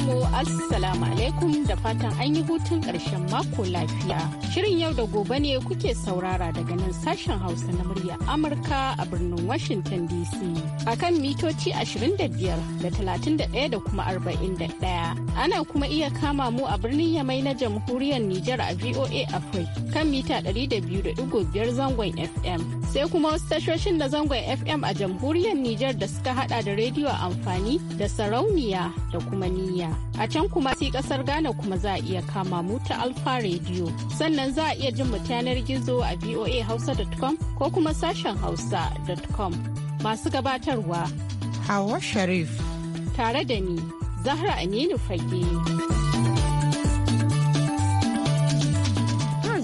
sauraronmu Assalamu alaikum da fatan an yi hutun ƙarshen mako lafiya. Shirin yau da gobe ne kuke saurara daga nan sashen Hausa na murya Amurka a birnin Washington DC. A kan mitoci 25 da 31 da kuma 41. Ana kuma iya kama mu a birnin Yamai na jamhuriyar Nijar a VOA Afirka kan mita 200.5 zangon FM. sai kuma wasu tashoshin na zangon FM a jamhuriyar Nijar da suka hada da rediyo amfani da sarauniya da kuma niyya. A can kuma sai kasar Ghana kuma za a iya kama mu ta Alfa Radio. Sannan za a iya jin mu yanar gizo a voahausa.com ko kuma sashen hausa.com. Masu gabatarwa. Hawa Sharif. Tare da ni, Zahra Aminu Fage.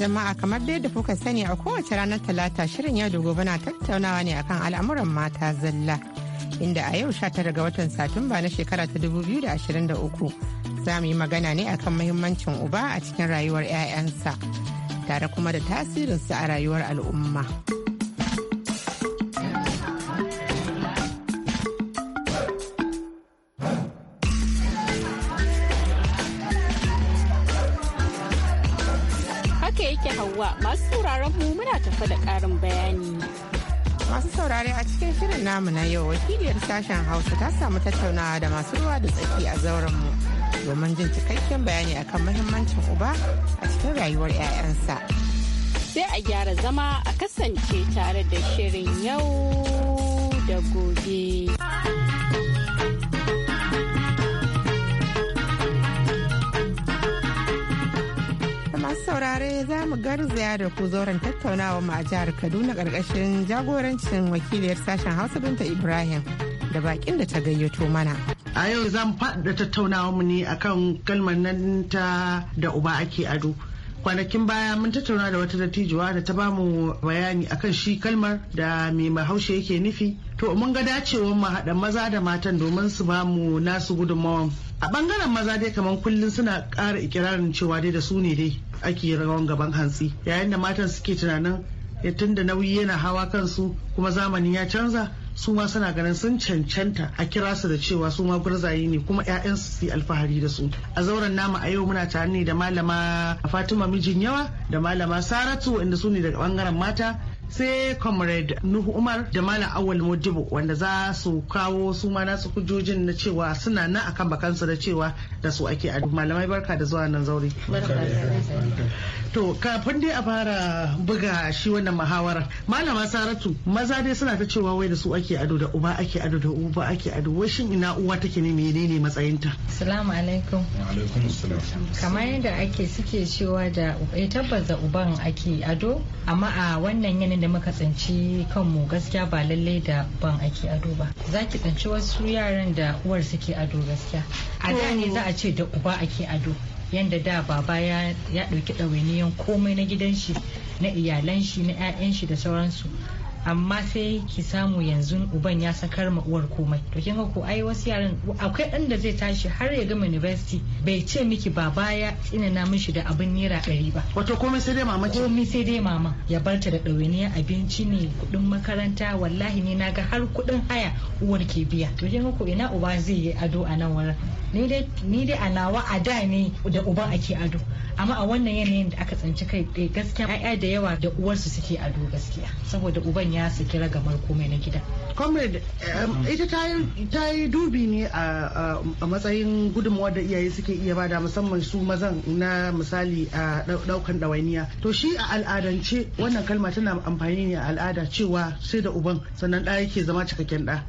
jama'a kamar dai da kuka sani a kowace ranar talata shirin yau da gobe na tattaunawa ne akan al'amuran mata zalla inda a yau 19 ga watan satumba na shekara ta 2023 za mu yi magana ne akan mahimmancin uba a cikin rayuwar 'ya'yansa tare kuma da tasirinsu a rayuwar al'umma. mu muna tafa da ƙarin bayani. Masu saurare a cikin shirin namu na yau wakiliyar sashen Hausa ta samu tattaunawa da masu ruwa da tsaki a zauren mu domin jin cikakken bayani akan mahimmancin uba a cikin rayuwar 'ya'yansa. Sai a gyara zama a kasance tare da shirin yau da gobe. masu saurare za mu garzaya da ku zauren tattaunawa mu a jihar Kaduna karkashin jagorancin wakiliyar sashen Hausa Binta Ibrahim da bakin da ta gayyato mana. A yau zan faɗa tattaunawa mu ne akan kalmar nan ta da uba ake ado. kwanakin baya mun tattauna da wata dattijuwa da ta bamu bayani akan shi kalmar da mai mahaushe yake nufi to mun ga dacewar mu haɗa maza da matan domin su bamu nasu gudunmawan a bangaren maza dai kamar kullum suna ƙara ikirarin cewa dai da su ne dai ake rawan gaban hantsi yayin da matan suke tunanin ya eh, tunda nauyi yana hawa kansu kuma zamanin ya canza su ma suna ganin sun cancanta a kira su da cewa su ma gurzaye ne kuma 'ya'yansu su yi alfahari da su a zauren nama a yau muna tare ne da malama fatima mijin yawa da malama saratu inda su ne daga bangaren mata sai comrade nuhu umar da malam awal modibo wanda za su kawo su ma nasu hujjojin na cewa suna nan akan bakansu da cewa da su ake adu malamai barka da zuwa nan zaure to kafin dai a fara buga shi wannan muhawara malama saratu maza dai suna ta cewa wai da su ake ado da uba ake ado da uba ake ado wai shin ina uwa take ne menene matsayinta assalamu alaikum kamar yadda ake suke cewa da eh, tabbas da uban ake ado amma a wannan yanayin da muka tsinci kanmu gaskiya ba lallai da ban ake ado ba za ki tsinci wasu yaran da uwar suke ado gaskiya a da ne za a ce da uba ake ado yanda da baba ya ɗauki ɗawainiyan komai na gidan shi na iyalan shi na 'ya'yan shi da sauransu amma sai ki samu yanzu uban ya sakar ma uwar komai to kin ko ai wasu yaran akwai dan da zai tashi har ya gama university bai ce miki baba ya tsinana mishi da abin naira ɗari ba wato komai sai dai mama ce komai sai dai mama ya barta da ɗawainiyar abinci ne kuɗin makaranta wallahi ne naga har kuɗin haya uwar ke biya to kin ko ina uba zai yi ado a nan wurin ni dai a nawa a da ne da uban ake ado amma a wannan yanayin da aka tsinci kai ɗaya eh, gaskiya ya'ya da yawa da uwarsu suke a ado gaskiya saboda uban ya saki ragamar komai na gida comrade um, mm. ita ta yi dubi ne a matsayin gudunmawar da iyaye suke iya bada musamman su mazan na misali a daukan ɗawainiya to shi a al'adance wannan kalma tana amfani ne a al'ada cewa sai da uban sannan da yake zama cikakken ɗa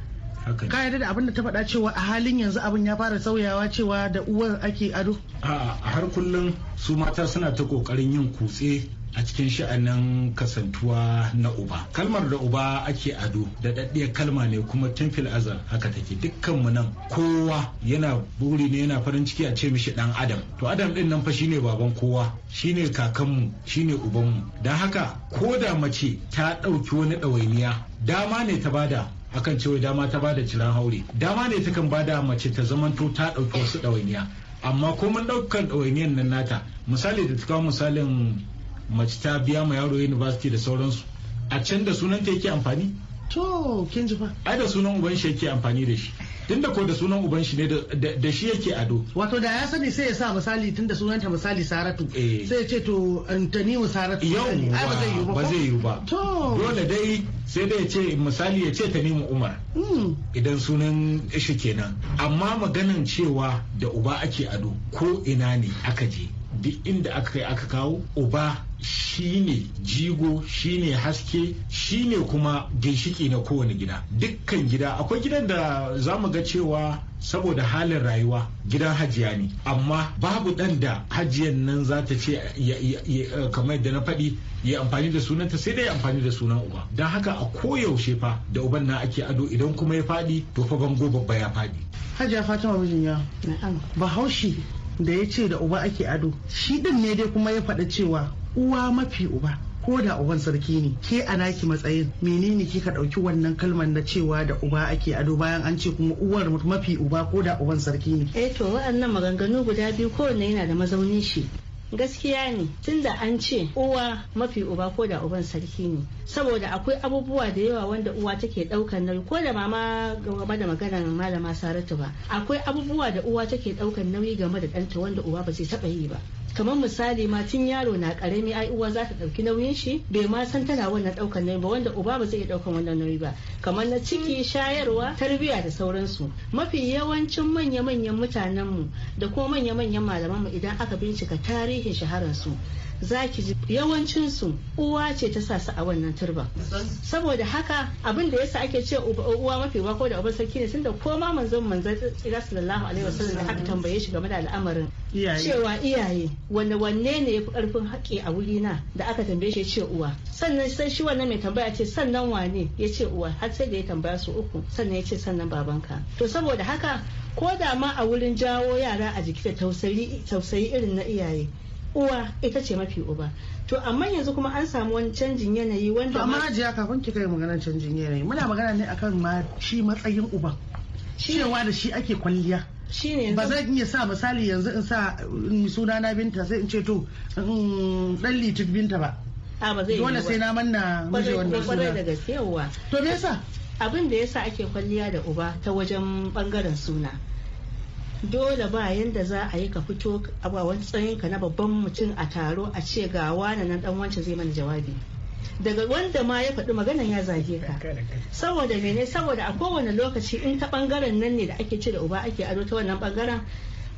ka yarda da abin ta faɗa cewa a halin yanzu abin ya fara sauyawa cewa da uwar ake ado a har kullum su mata suna ta kokarin yin kutse a cikin sha'anin kasantuwa na uba kalmar da uba ake ado da ɗaɗɗiyar kalma ne kuma fil azal haka take dukkanmu nan kowa yana buri ne yana farin ciki a ce mishi ɗan adam to adam ɗin nan fa shine baban kowa shine kakanmu shine ubanmu don haka ko da mace ta ɗauki wani ɗawainiya dama ne ta bada akan cewa dama ta bada ciran haure dama ne takan bada mace ta zamanto ta ɗauki wasu ɗawainiya amma ko mun ɗaukar ɗawainiyar nan nata misali da ta misalin mace ta biya ma yaro university da sauransu a can da sunanta yake amfani to kin ji fa ai da sunan uban shi yake amfani da shi tunda ko da sunan uban shi ne da shi yake ado wato da ya sani sai ya sa misali tunda sunanta misali saratu eh. sai ya ce to antanimu saratu yau ba zai yiwu ba dole dai sai dai ya ce misali ya ce tanimu umar hmm. idan sunan shi kenan amma maganan cewa da uba ake ado ko ina ne aka je duk inda aka kai aka kawo uba shine jigo shine haske shine kuma ginshiki na kowane gida dukkan gida akwai gidan da za mu ga cewa saboda halin rayuwa gidan hajiya ne amma babu dan da hajiyan nan za ta ce kamar da na faɗi ya amfani da sunanta sai dai amfani da sunan uba don haka a koyaushe fa da uban na ake ado idan kuma ya faɗi to fa bango babba ya faɗi hajiya fatima mijin ya na'am bahaushe da ya ce da uba ake ado shi din ne dai kuma ya faɗa cewa uwa mafi uba ko da uban sarki ne ke a naki matsayin menene kika ɗauki wannan kalmar na cewa da uba ake ado bayan an ce kuma uwar mafi uba ko da uban sarki ne eh to wa'annan maganganu guda biyu kowanne yana da mazaunin shi gaskiya ne tun da an ce uwa mafi uba ko da uban sarki ne saboda akwai abubuwa da yawa wanda uwa take daukan nauyi ko da mama game da maganar malama saratu ba akwai abubuwa da uwa take daukan nauyi game da ɗanta wanda uba ba zai taba yi ba kamar misali ma tun yaro na karami ai uwa za ta dauki nauyin shi bai ma san tana wannan daukan nauyi ba wanda uba ba zai iya daukan wannan nauyi ba kamar na ciki shayarwa tarbiyya da sauransu mafi yawancin manya-manyan mu da kuma manya-manyan malaman mu idan aka bincika tarihin shaharar su za ki ji yawancin su uwa ce ta sa su a wannan turba saboda haka abin da yasa ake ce uwa mafi uwa ko da uban sarki ne tunda ko ma manzon manzon ila sallallahu alaihi wasallam da aka tambaye shi game da al'amarin cewa iyaye wanda wanne ne yafi karfin haƙƙi a wuri na da aka tambaye shi ce uwa sannan sai shi wannan mai tambaya ce sannan wane ya ce uwa har sai da ya tambaya su uku sannan ya ce sannan babanka to saboda haka ko da ma a wurin jawo yara a jiki da tausayi irin na iyaye uwa ita ce mafi uba to amma yanzu kuma an samu wani canjin yanayi wanda amma ajiya kafin ki kai maganar canjin yanayi muna magana ne akan ma shi matsayin Shi cewa da shi ake kwalliya ba zan iya sa misali yanzu in sa suna na binta sai in ce to dan litin binta ba ba zai dole sai na manna miji wannan suna to me yasa abin da yasa ake kwalliya da uba ta wajen bangaren suna dole ba yanda za a yi ka fito a tsayin ka na babban mutum a taro a ce ga wani nan dan wancan zai mana jawabi daga wanda ma ya faɗi maganan ya zage ka saboda mene saboda a kowane lokaci in ta bangaren nan ne da ake ce da uba ake ado ta wannan bangaren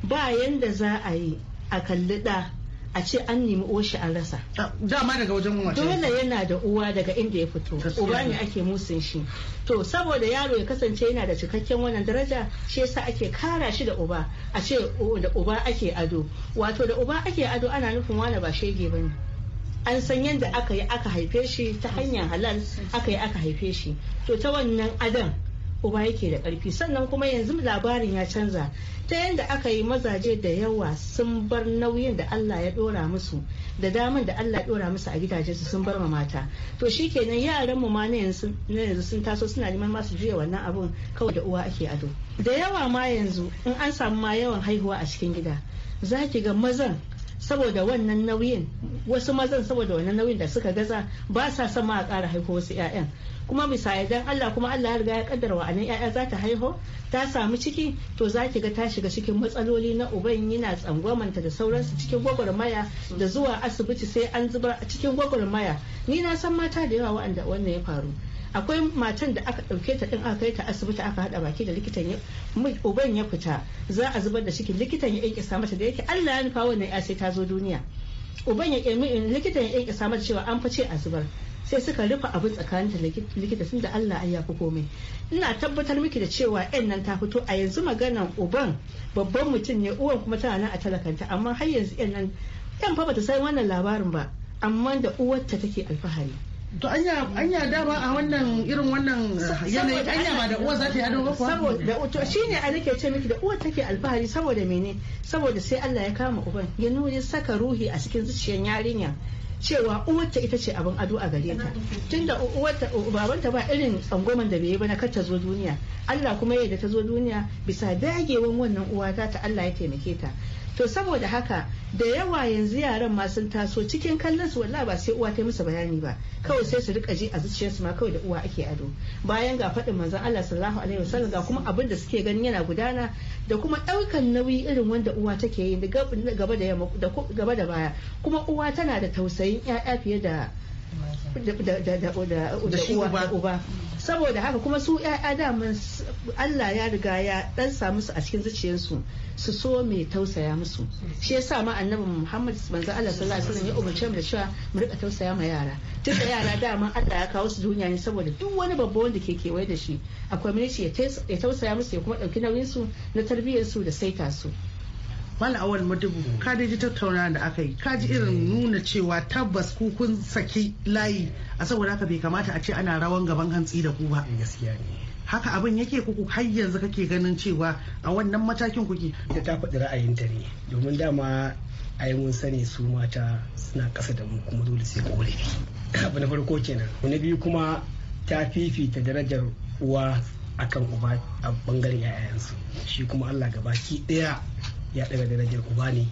ba yanda za a yi a kalli da a ce an nemi oshi an rasa ah, dama daga wajen wace dole yana da uwa daga inda ya fito uba ne ake musun shi to saboda yaro ya kasance yana da cikakken wannan daraja shi yasa ake kara shi da uba a ce da uba ake ado wato da uba ake ado ana nufin wani ba shege bane an san yadda aka yi aka haife shi ta hanyar halal aka yi aka haife shi to ta wannan adam uba yake da karfi sannan kuma yanzu labarin ya canza ta yadda aka yi mazaje da yawa sun bar nauyin da Allah ya dora musu da daman da Allah ya dora musu a su sun bar ma mata to shikenan yaran mu ma na yanzu sun taso suna neman masu juya wannan abun kawai da uwa ake ado da yawa ma yanzu in an samu ma yawan haihuwa a cikin gida za ki ga mazan saboda wannan nauyin wasu mazan saboda wannan nauyin da suka gaza ba sa sama a ƙara haihuwa wasu 'ya'yan kuma bisa yardan Allah kuma Allah ya riga ya kaddara wa'annan ƴaƴa za ta haihu ta samu ciki to za ki ga ta shiga cikin matsaloli na uban yana tsangwamanta da sauransu cikin gwagwarmaya da zuwa asibiti sai an zubar a cikin gwagwarmaya ni na san mata da yawa wa'anda wannan ya faru akwai matan da aka ɗauke ta ɗin aka kai ta asibiti aka haɗa baki da likitan ya uban ya fita za a zubar da ciki likitan ya ƙinƙisa mata da yake Allah ya nufa wannan ya sai ta zo duniya uban ya ƙirmi likitan ya ƙinƙisa mata cewa an fice a zubar sai suka rufe abin tsakanin ta likita sun da Allah ya fi komai ina tabbatar miki da cewa yan nan ta fito a yanzu maganan uban babban mutum ne uwan kuma tana nan a talakanta amma har yanzu yan nan yan fa bata san wannan labarin ba amma da uwarta take alfahari to anya anya ba a wannan irin wannan yanayi anya ba da uwar za ta yi ado ba saboda to shine a nake ce miki da uwar take alfahari saboda mene saboda sai Allah ya kama uban ya nuna saka ruhi a cikin zuciyar yarinya cewa uwarta ita ce abin ado a gare ta tunda uwarta babanta ba irin tsangoman da bai yi ba na ta zo duniya Allah kuma yadda ta zo duniya bisa dagewan wannan uwata ta Allah ya taimake ta to saboda haka da yawa yanzu yaran ma sun taso cikin kallon su wallahi ba sai uwa ta musu bayani ba kawai sai su rika ji a zuciyarsu ma kawai da uwa ake ado bayan ga faɗin manzon Allah sallallahu alaihi wasallam ga kuma abin da suke gani yana gudana da kuma ɗaukan nauyi irin wanda uwa take yi gaba da gaba da baya kuma uwa tana da tausayin 'ya'ya fiye da da uba saboda haka kuma su ya'ya daman Allah ya riga ya dan samu su a cikin zuciyarsu su so mai tausaya musu shi yasa ma annabi Muhammad manzo Allah sallallahu alaihi wasallam ya umarce mu da cewa mu rika tausaya ma yara tun da yara daman Allah ya kawo su duniya ne saboda duk wani babba wanda ke kewaye da shi akwai mulki ya tausaya musu ya kuma dauki nauyin su na tarbiyyar su da saita su mala awal madubu ka dai ji tattaunawa da aka yi ka ji irin nuna cewa tabbas ku kun saki layi a saboda haka bai kamata a ce ana rawan gaban hantsi da ku ba gaskiya ne haka abin yake kuku har yanzu kake ganin cewa a wannan matakin kuke da ta faɗi ra'ayin ta ne domin dama yi mun sani su mata suna kasa da mu kuma dole sai kore abu na farko kenan na biyu kuma ta fifita darajar uwa akan uba a bangaren yayansu shi kuma Allah gaba ki ɗaya ya daga darajar uba ne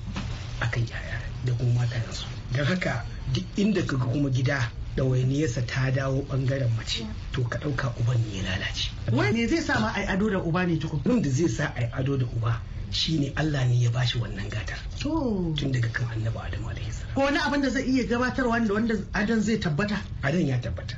akan yaya da kuma matayensu don haka duk inda ka ga kuma gida da yasa ta dawo bangaren mace to ka ɗauka uban ne ya lalace. Wani zai sa ma ai ado da uba ne tukun? da zai sa ai ado da uba shine Allah ne ya bashi wannan gatar. Tun daga kan annabi Adamu alaihi salam. Ko wani abin da zai iya gabatarwa da wanda adon zai tabbata? Adon ya tabbata.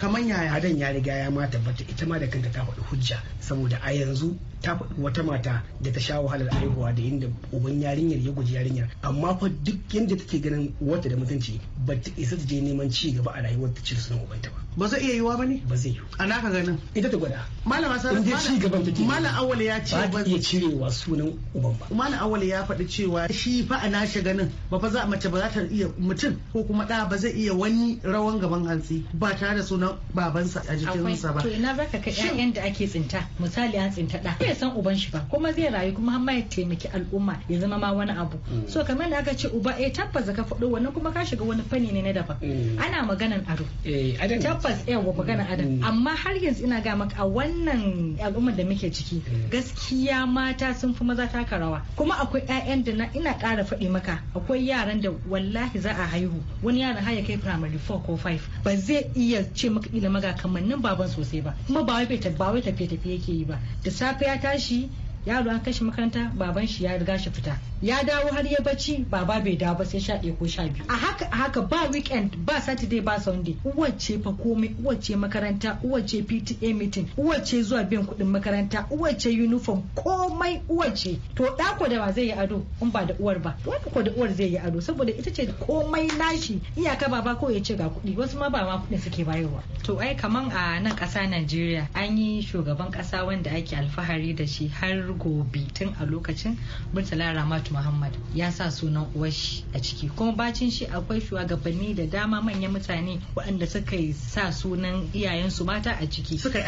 kamar yaya adon ya riga ya ma tabbata ita ma da kanta ta faɗi hujja saboda a yanzu ta faɗi wata mata da ta sha wahalar aihuwa da yadda uban yarinyar ya guji yarinyar amma fa duk yadda take ganin wata da mutunci ba ta isa ta je neman ci gaba a rayuwar ta cire sunan ubanta ba ba zai iya yiwa ba ne ba zai yi a naka ganin ita ta gwada malama sa inda ci gaban take malam awal ya ce ba iya cirewa sunan uban ba malam awal ya faɗi cewa shi fa a nashi ganin ba fa za mace ba za ta iya mutum ko kuma da ba zai iya wani rawan gaban hantsi ba tare da sunan babansa a jikinsa ba to ina zaka ka ƴaƴan da ake tsinta misali an tsinta da san uban shi ba kuma zai rayu kuma har ma ya taimaki al'umma ya zama ma wani abu mm. so kamar da aka ce uba eh tabbas ka faɗo wannan kuma ka shiga wani fanni ne na daban mm. ana maganan ado eh, tabbas wa maganan mm. adam amma har yanzu ina ga maka a wannan al'umma da muke ciki gaskiya mata sun fi maza taka rawa kuma akwai ƴaƴan da na ina ƙara faɗi maka akwai yaran da wallahi za a haihu wani yaran har ya kai primary 4 ko 5 ba zai iya ce maka ila maga kamannin baban sosai ba kuma ba wai ba wai tafiye tafiye yake yi ba da safe ya tashi yaro an kashi makaranta baban shi ya riga shi fita ya dawo har ya bacci baba bai dawo ba sai sha ɗaya ko sha biyu a haka a haka ba weekend ba saturday ba sunday uwar ce fa komai uwar makaranta uwar ce pta meeting uwar zuwa biyan kuɗin makaranta uwar ce uniform komai uwar ce to ko da ba zai yi ado in ba da uwar ba wani ko da uwar zai yi ado saboda ita ce komai nashi iyaka baba ko ya ce ga kuɗi wasu ma ba ma kuɗin suke bayarwa to ai kaman a nan ƙasa najeriya an yi shugaban ƙasa wanda ake alfahari da shi har gobe tun a lokacin murtala ramatu muhammad ya sa sunan shi a ciki kuma bacin shi akwai shugabanni da dama manyan mutane waɗanda suka sa sunan iyayensu mata a ciki suka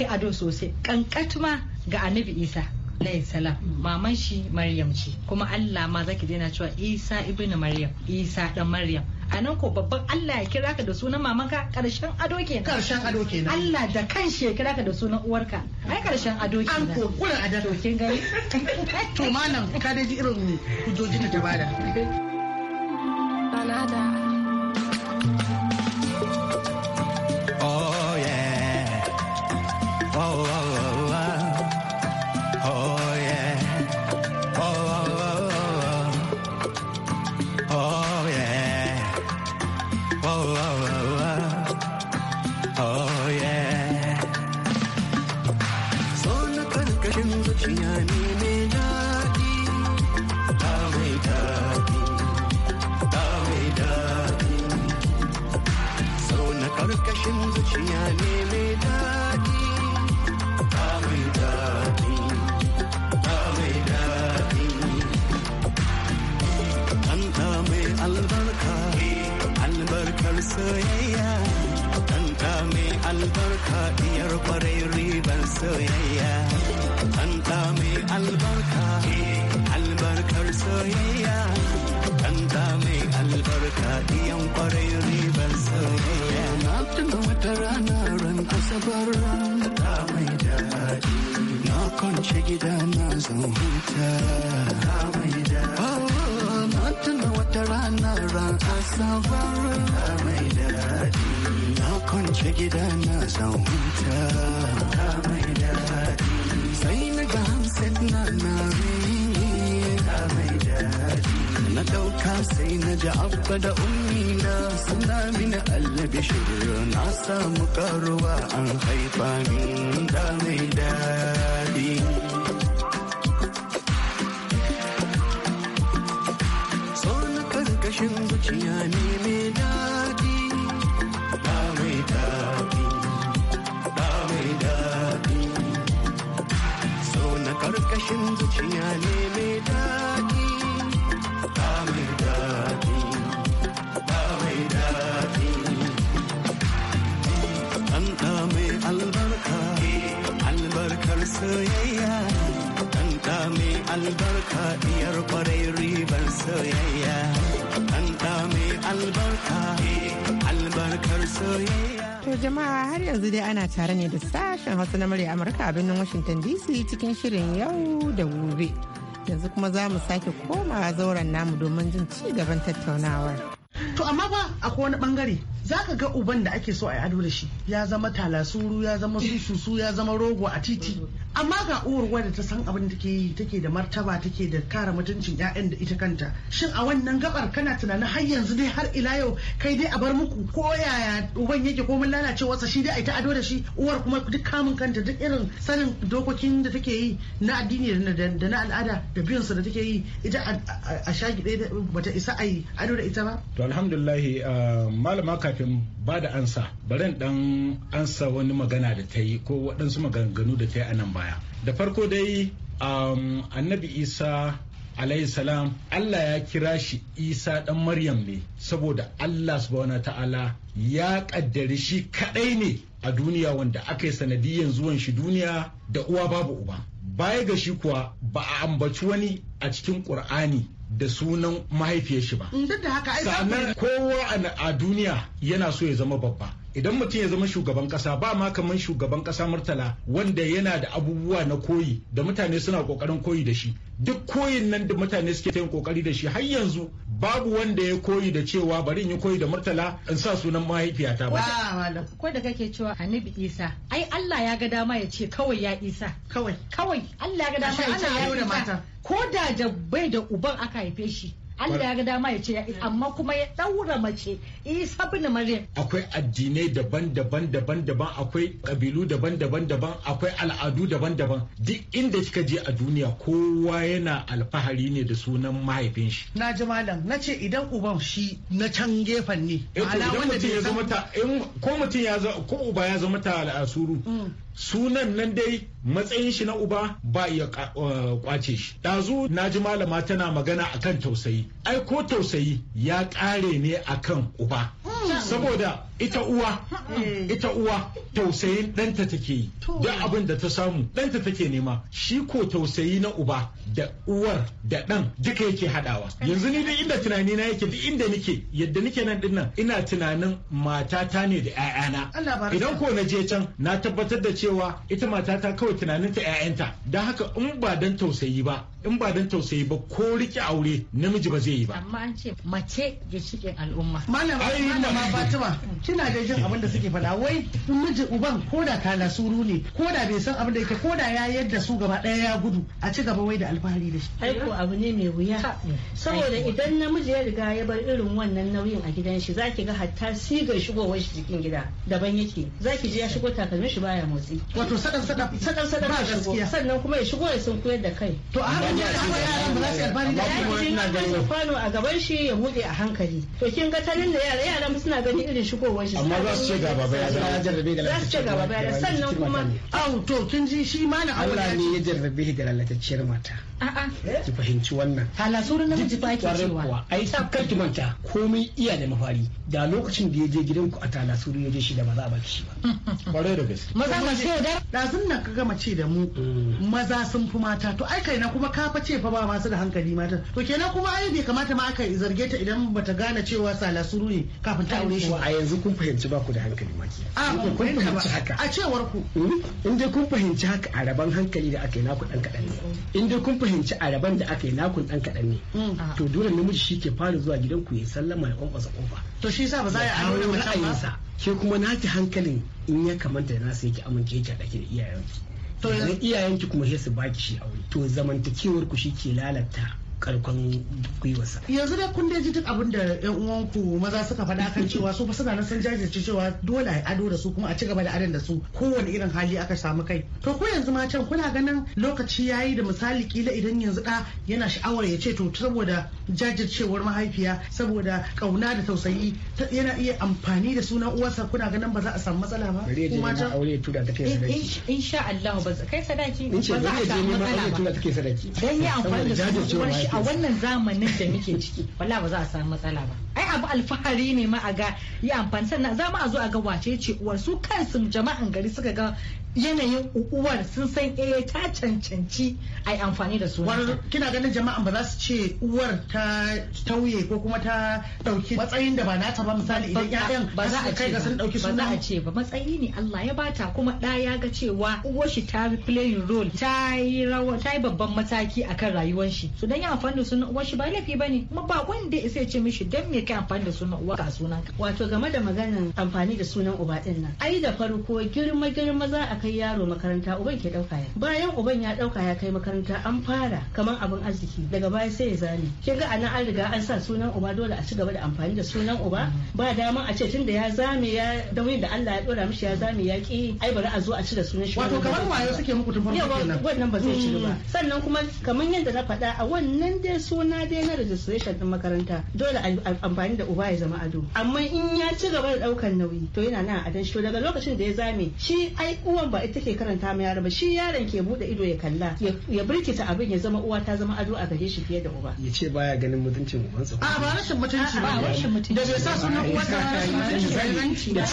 yi ado sosai kankat ma ga annabi isa alayhi salam mm. maman shi maryam ce kuma allah ma zaki daina cewa isa ibnu maryam isa dan maryam a nan ko babban Allah ya kira ka da sunan mamanka karshen ado kenan karshen ado kenan Allah da kanshi ya kira ka da sunan uwarka ai karshen ado kenan an ko kula ada to kin gani to malam ka da ji irin hujojin da ta bada Banada. Oh yeah. Oh, oh, oh, oh. zuciya ne mai daɗi ba mai daɗi ba mai daɗi ɗanɗa mai albarka albarkar soyayya ɗanɗa mai albarka diyar kwarai ribar soyayya ɗanɗa mai albarka albarkar soyayya ɗanɗa mai albarka diyan kwarai ribar soyayya wata rana ran asabar ran da mai na kwance gida na zan huta da mai na tuna wata rana ran asabar da mai na kwance gida na zan huta da mai sai na ga hamsin na na na ɗauka sai na ji abba da ummina suna mini allabi shirya. na samu karuwa an haifa min da mai daɗi. So na karkashin zuciya ne mai daɗi, da mai daɗi, da mai daɗi. So na karkashin zuciya ne mai daɗi. soyayya ɗanɗa mai albarka diyar kwarai ribar soyayya mai albarka albarkar soyayya To jama'a har yanzu dai ana tare ne da sashen hausa na murya Amurka a birnin Washington DC cikin shirin yau da gobe. Yanzu kuma za mu sake koma zauren namu domin jin ci gaban tattaunawar. To amma ba akwai wani bangare za ka ga uban da ake so a yi ado da shi ya zama talasuru ya zama sususu ya zama rogo a titi amma ga uwar wadda ta san abin da take yi take da martaba take da kare mutuncin 'ya'yan da ita kanta shin a wannan gabar kana tunanin har yanzu dai har ila yau kai dai a bar muku ko yaya uban yake ko mun lalacewarsa shi dai a ta ado da shi uwar kuma duk kamun kanta duk irin sanin dokokin da take yi na addini da na al'ada da biyan su da take yi ita a shagi ɗaya bata isa a yi ado da ita ba to alhamdulillah ah, malama kafin ba da ansa bari dan ansa wani magana da ta yi ko waɗansu maganganu da ta yi a nan baya da farko dai um, annabi isa salam Allah ya kira shi Isa ɗan Maryam ne saboda Allah subhanahu ta'ala ya ƙaddari shi kadai ne a duniya wanda aka yi sanadiyan zuwan shi duniya da uwa babu uba baya ga shi kuwa ba a ambaci wani a cikin ƙur'ani da sunan mahaifiyar shi ba. Mm, Sannan kowa a duniya yana so ya zama babba. idan mutum ya zama shugaban kasa ba ma kamar shugaban kasa murtala wanda yana da abubuwa na koyi da mutane suna kokarin koyi da shi duk koyin nan da mutane suke yin kokari da shi har yanzu babu wanda ya koyi da cewa bari in yi koyi da murtala in sa sunan mahaifiyata ba ko da kake cewa Annabi Isa ai Allah ya ga dama ya ce kawai ya Isa kawai kawai Allah ya ga dama ya ce ya Isa ko da da bai da uban aka haife shi Allah ya ga dama ya ce ya amma kuma ya daura mace Isa bin Maryam akwai addinai daban-daban daban-daban akwai kabilu daban-daban daban akwai al'adu daban-daban duk inda kika je a duniya kowa yana alfahari ne da sunan mahaifin shi na ji malam na ce idan uban shi na can gefen ne eh ko mutum ya zama ta ko uba ya zama ta al'asuru mm. sunan nan dai matsayin shi na uba ba iya uh, kwace shi ɗazu na ji malama tana magana akan tausayi ai ko tausayi ya ƙare ne akan uba saboda ita uwa hmm. ita uwa tausayin ɗanta take yi duk abin da ta samu ɗanta take nema shi ko tausayi na uba da uwar da ɗan duka yake haɗawa yanzu ni duk inda tunani na yake duk inda nike yadda nike nan dinnan ina tunanin matata ne da yayana idan ko na je can na tabbatar da cewa ita matata kawai tunanin ta ƴaƴanta don haka in ba dan tausayi ba in ba dan tausayi ba ko rike aure namiji ba zai yi ba amma an ce mace cikin al'umma malama ma fatima kina da jin abin da suke faɗa wai miji uban ko da kala suru ne ko da bai san abin da yake ko da ya yadda su gaba ɗaya ya gudu a ci gaba wai da alfahari da shi aiko abu ne mai wuya saboda idan namiji ya riga ya bar irin wannan nauyin a gidan shi zaki ga hatta sigar shigowar shi cikin gida daban yake zaki ji ya shigo takalmin shi baya motsi wato sadan sadan sadan sadan ba gaskiya sannan kuma ya shigo ya sun koyar da kai to a haka ne da haka yaran ba za su alfahari da shi ya kwano a gaban shi ya buɗe a hankali to kin ga tanin da yara yaran suna ganin irin shigowar shi amma za su ce ga baba ya da jarrabe da za su ce ga baba ya sannan kuma au to kin ji shi ma na Allah ne ya jarrabe da lalatacciyar mata a'a ki fahimci wannan hala sauran namiji ba ki cewa ai sa kar ki manta komai iya da mafari da lokacin da ya je ku a tala suru ya je shi da maza ba ki shi ba kwarai da gaske maza ba shi da sun nan ka gama ce da mu mm. maza sun fi mata to ai kai na kuma ka fa ce fa ba masu da hankali mata to kenan kuma ai bai kamata ma aka zarge ta idan bata gane cewa sala suru ne kafin ta shi a yanzu kun fahimci ba ku da hankali maki a kun fahimci haka a cewar ku hmm? in dai kun fahimci haka a raban hankali da aka yi naku dan kadan ne in dai kun fahimci a raban da aka yi naku dan kadan ne hmm. to dole namiji shi ke fara zuwa gidan ku ya sallama ya kwankwasa kofa to shi yasa ba za a aure mace ba ke kuma naki hankalin in ya kamanta da nasa yake amince yake da ke da iyayenki to iyayenki kuma sai su baki shi aure to zamantakewar ku shi ke lalata karkon gwiwarsa. yanzu da kun ji duk abin da yan uwanku maza suka faɗa kan cewa su suna nan san jajirce cewa dole a ado da su kuma a ci gaba da adon da su kowane irin hali aka samu kai to ko yanzu ma can kuna ganin lokaci yayi da misali kila idan yanzu da yana sha'awar ya ce to saboda jajircewar mahaifiya saboda kauna da tausayi yana iya amfani da sunan uwarsa kuna ganin ba za a samu matsala ba kuma ta aure tura take sadaki insha Allah ba kai sadaki ba za a samu matsala ba dan yi amfani da sunan uwarsa a wannan zamanin da muke ciki wala ba za a samu matsala ba ai abu alfahari ne ma a ga yi amfani sannan za mu a zo a ga wace ce uwar su kansu jama'an gari suka ga yanayin uwar sun san eh ta cancanci a yi amfani da suna. kina ganin jama'an ba za su ce uwar ta tauye ko kuma ta dauki matsayin da ba nata ba misali idan ƴaƴan ba za a kai ga sun dauki suna. Ba za a ce ba matsayi ne Allah ya bata kuma ɗa ya ga cewa uwar shi ta playing role ta yi rawa ta yi babban mataki akan rayuwar shi. Su dan yi amfani da sunan uwar shi ba laifi bane kuma ba wanda ya ce mishi dan me kai amfani da sunan uwar ka sunan. Wato game da maganar amfani da sunan uba din nan. Ai da farko girma girma za a kai kai yaro makaranta uban ke dauka ya bayan uban ya dauka ya kai makaranta an fara kamar abin arziki daga baya sai ya zane kin ga anan an riga an sa sunan uba dole a ci gaba da amfani da sunan uba ba dama a ce tunda ya zame ya dauyin da Allah ya dora mishi ya zame ya ki ai bari a zo a ci da sunan shi wato kamar waye suke muku tun farko kenan wannan ba zai ci ba hmm. sannan kuma kamar yadda na faɗa a wannan dai suna dai na registration din makaranta dole amfani da uba ya zama ado amma in ya ci gaba da daukan nauyi to yana nan a dan shi daga lokacin da ya zame shi ai uwan ba ita ke karanta ma yaro ba shi yaron ke bude ido ya kalla ya birkita abin ya zama uwa ta zama ado a gare shi fiye da uba ya ce baya ganin mutuncin ubansa a ba rashin mutunci ba rashin mutunci da bai sa sunan uwa ta mutunci ba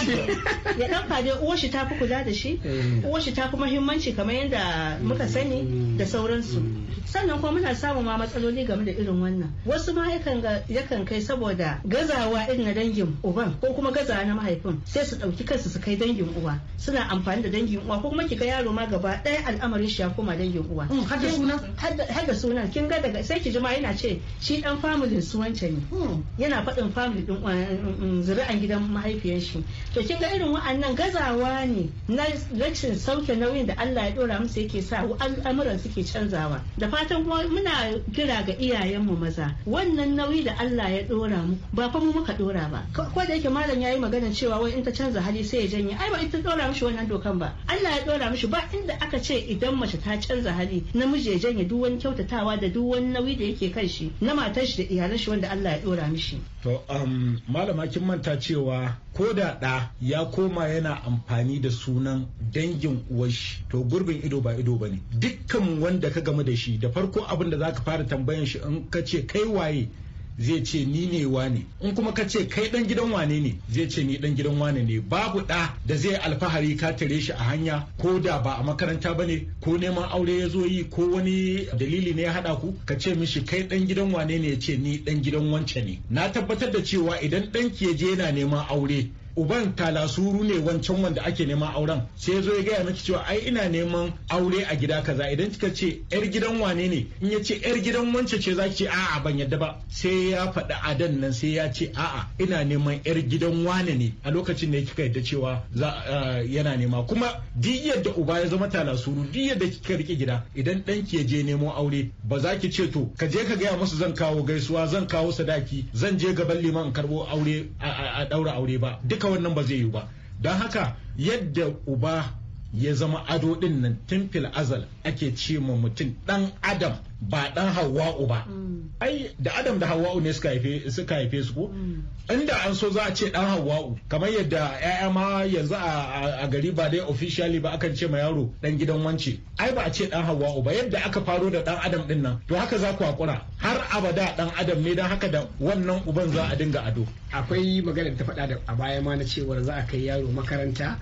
ya dan fade uwar shi ta fi kula da shi eh. uwar shi ta fi muhimmanci kamar yadda muka sani mm. da sauransu mm. sannan kuma muna samun ma matsaloli game da irin wannan wasu ma yakan kai saboda gazawa irin na dangin uban ko kuma gazawa na mahaifin sai su ɗauki kansu su kai dangin uwa suna amfani da dangin uwa ko kuma ki ga yaro ma gaba ɗaya al'amarin shi ya koma dangin uwa mm, har da sunan kin ga daga sai ki ji yana ce shi dan family su wancan ne mm. yana faɗin family din mm, zuri'an gidan mahaifiyar shi to kin ga irin wa'annan gazawa ne na rashin sauke nauyin da Allah ya ɗora musu yake sa al'amuran suke canzawa da fatan kuma muna kira ga iyayenmu maza wannan nauyi da Allah ya ɗora mu ba fa mu muka ɗora ba ko da yake malam ya yi magana cewa wai in ta canza hali sai ya janye ai ba ita ɗora mishi wannan dokan ba Allah ya dora mishi ba inda aka ce idan mace ta canza hali namiji ya janye duk wani kyautatawa da duk wani nauyi da yake kan shi na matar shi da iyalan shi wanda Allah ya dora mishi to um, malama kin manta cewa ko da ɗa ya koma yana amfani da sunan dangin uwashi to gurbin ido ba ido ba ne dukkan wanda ka gamu da shi da farko abin da zaka fara tambayan shi in ka ce kai waye zai ce ni ne wane in kuma ka ce kai dan gidan wane ne zai ce ni dan gidan wane ne babu da da zai alfahari ka tare shi a hanya ko da ba a makaranta ba ne ko neman aure ya zo yi ko wani dalili ne ya hada ku ka ce mishi kai dan gidan wane ne ya ce ni dan gidan wance ne na tabbatar da cewa idan ɗanki ya je yana neman aure uban talasuru ne wancan wanda ake neman auren sai zo ya gaya miki cewa ai ina neman aure a gida kaza idan kika ce yar gidan wane ne in ya ce yar gidan wance ce zaki ce a'a ban yadda ba sai ya faɗi adan nan sai ya ce a'a ina neman yar gidan wane ne a lokacin ne kika yadda cewa eh, yana nema kuma duk yadda uba ya zama talasuru duk yadda kika rike gida idan ɗanki ya je nemo aure ba za ki ce to ka je ka gaya musu zan kawo gaisuwa zan kawo sadaki zan je gaban liman in karɓo aure a ɗaura aure ba duka duka wannan ba zai yiwu ba don haka yadda uba ya zama ado din nan fil azal ake ce ma mutum dan adam ba dan hawa'u ba mm. ai da adam da hawa'u ne suka haife suka haife su ko mm. inda an so za a ce dan hawa'u kamar yadda ya'ya ma yanzu a gari ba dai officially ba akan ce ma yaro dan gidan wance ai ba a ce dan hawa'u ba yadda aka faro da dan adam din nan to haka za ku hakura har abada dan adam ne dan haka da wannan uban za a dinga ado akwai magana ta faɗa da a baya ma na cewa za a kai yaro makaranta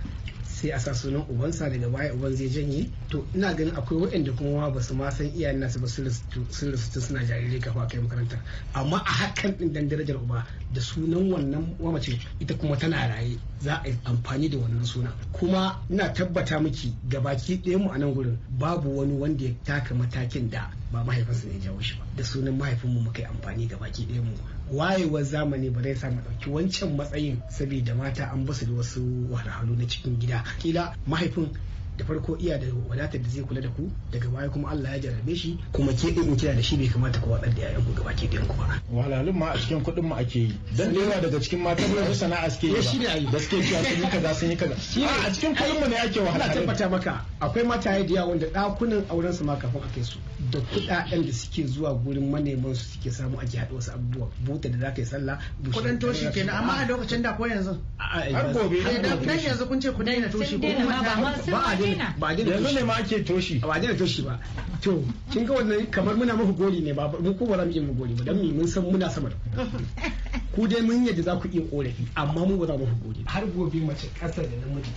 sai a sa sunan ubansa daga baya uban zai janye to ina ganin akwai waɗanda kuma ba su ma san iyayen nasu ba sun rasu suna jarirai kafa kai makaranta amma a hakan din dan darajar uba da sunan wannan mace ita kuma tana raye za a yi amfani da wannan suna kuma ina tabbata miki baki ɗaya mu a nan gurin babu wani wanda ya taka matakin da ba mahaifinsa ne ya jawo shi ba da sunan mahaifinmu muka yi amfani ga baki ɗaya mu wayewar zamani ba zai sa mu ɗauki wancan matsayin saboda mata an basu da wasu wahalhalu na cikin gida kila mahaifin da farko iya da wadatar da zai kula da ku daga baya kuma Allah ya jarrabe shi kuma ke din in kira da shi bai kamata ku wadar da yayan ku gaba ke din ku ba walalun ma a cikin kuɗin mu ake yi dan da yawa daga cikin matan da su sana'a suke yi eh, shi ne ba da suke cewa sun yi kaza sun yi kaza a cikin kuɗin mu ne ake wahala ana tabbata maka akwai mataye da yawa wanda ɗakunan auren su ma kafin a kai su da kuɗaɗen da suke zuwa gurin maneman su suke samu ake haɗa wasu abubuwa buta da za ka yi sallah kuɗin toshi kenan amma a lokacin da ko yanzu eh, har gobe ne dan yanzu kun ce ku daina toshi ko kuma ba daina ba daina yanzu ne ma ake toshi ba daina toshi ba to kin ga wannan kamar muna muku godi ne ba mu ko ba za mu yi mu gori ba dan mun san muna sama da ku dai mun yadda za ku iya korafi amma mu ba za mu gori har gobe mace kasa da namiji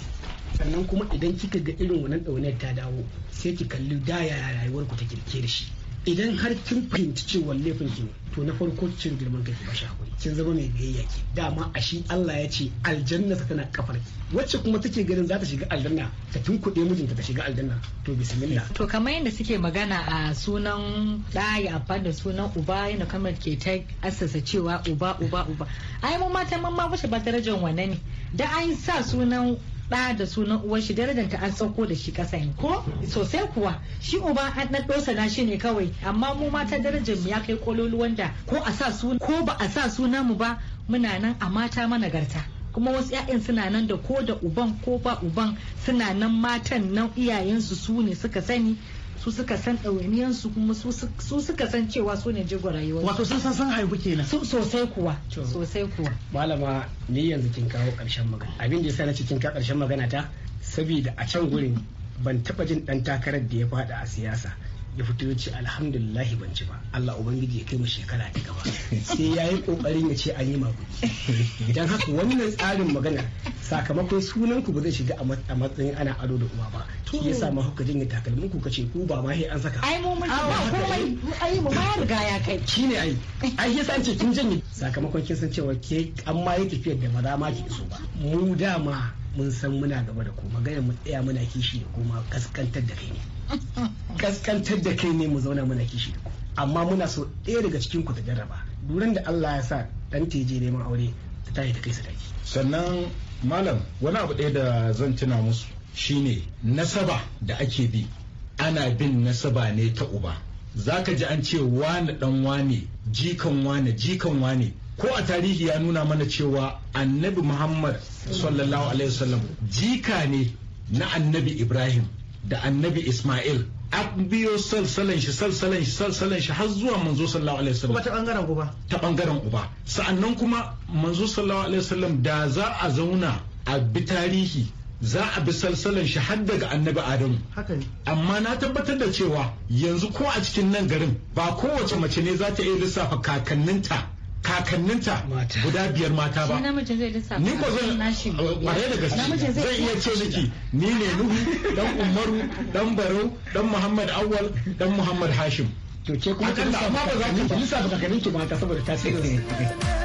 sannan kuma idan kika ga irin wannan ɗaunar ta dawo sai ki kalli da yaya rayuwar ku ta kirke da shi idan har kin fahimci cewa laifin ki to na farko cin girman kai ba shi hakuri kin zama mai biyayya ki dama a shi Allah ya ce aljanna tana kafar ki wacce kuma take ganin za ta shiga aljanna ta kuɗe mijinta ta shiga aljanna to bismillah to kamar yadda suke magana a sunan da ya amfani sunan uba yana kamar ke ta assasa cewa uba uba uba ai mu mata mun ma ba darajar wanne ne da an sa sunan ɗa da sunan uwar shi darajar ta an sauko da shi kasa ne ko sosai kuwa shi uba an dosa na shi ne kawai amma mu mata darajar mu ya kai kololuwan da ko a sa suna ko ba a sa sunan mu ba muna nan a mata managarta kuma wasu 'ya'yan suna nan da ko da uban ko ba uban suna nan matan nan iyayensu su ne suka sani su suka san ɗawainiyan su kuma su suka san cewa su ne jigo rayuwa wato sun san san haihu kenan sosai kuwa sosai kuwa malama ni yanzu kin kawo ƙarshen magana abin da yasa na cikin ka ƙarshen magana ta saboda a can gurin ban taɓa jin ɗan takarar da ya faɗa a siyasa ya fito ya ce alhamdulillah ban ci ba Allah ubangiji ya kai mu shekara ta gaba sai ya yi kokarin ya ce an yi mako idan haka wannan tsarin magana sakamakon sunan ku ba zai shiga a matsayin ana ado da uwa ba shi yasa ma kuka jinya takalmin ku kace ku ba ma sai an saka ai mu mun ba komai ai mu ba riga ya kai shine ai ai yasa an ce kin janye sakamakon kin san cewa ke an ma yi tafiyar da maza ma ki so ba mu dama mun san muna gaba da ku magana mu tsaya muna kishi da kuma kaskantar da kai ne kaskantar da kai ne mu zauna muna kishi amma muna so ɗaya daga cikin ku ta jarraba duran da Allah ya sa dan teje neman aure ta tafi ta kai sadaki sannan malam wani abu ɗaya da zan tuna musu shine nasaba da ake bi ana bin nasaba ne ta uba zaka ji an ce wani dan wane jikan wane jikan wane ko a tarihi ya nuna mana cewa annabi muhammad sallallahu alaihi wasallam jika ne na annabi ibrahim da annabi Ismail a biyo salsalan shi salsalan shi salsalan shi har zuwa manzo sallallahu alaihi wasallam ta bangaren uba ta bangaren uba sa'annan kuma manzo sallallahu alaihi wasallam da za a zauna a bi tarihi za a bi salsalan shi har daga annabi adamu amma na tabbatar da cewa yanzu ko a cikin nan garin ba kowace mace ne za ta iya lissafa kakanninta kakanninta guda biyar mata ba ni ko zan kware da gaske zai iya ce miki ni ne nuhu dan umaru dan barau dan muhammad awwal dan muhammad hashim to ce kuma kan amma ba za ki lissa ba kakanninki mata saboda tasirin ne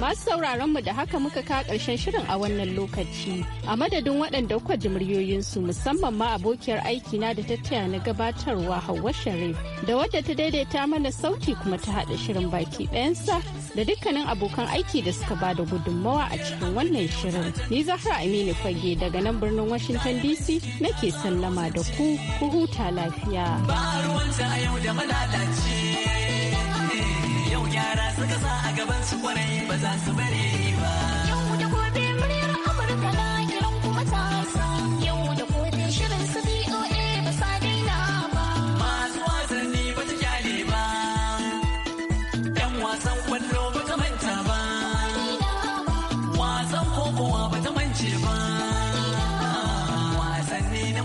Masu sauraron mu da haka muka ka ƙarshen shirin a wannan lokaci. A madadin waɗanda kuka ji muryoyinsu musamman ma abokiyar aiki na da ta taya na gabatarwa Hauwa Sharif da wadda ta daidaita mana sauti kuma ta haɗa shirin baki ɗayansa da dukkanin abokan aiki da suka bada gudunmawa a cikin wannan shirin. Ni Zahra Aminu Fage daga nan birnin Washington DC nake sallama da ku ku huta lafiya. Ba kasa a gaban su kwarai ba za su bari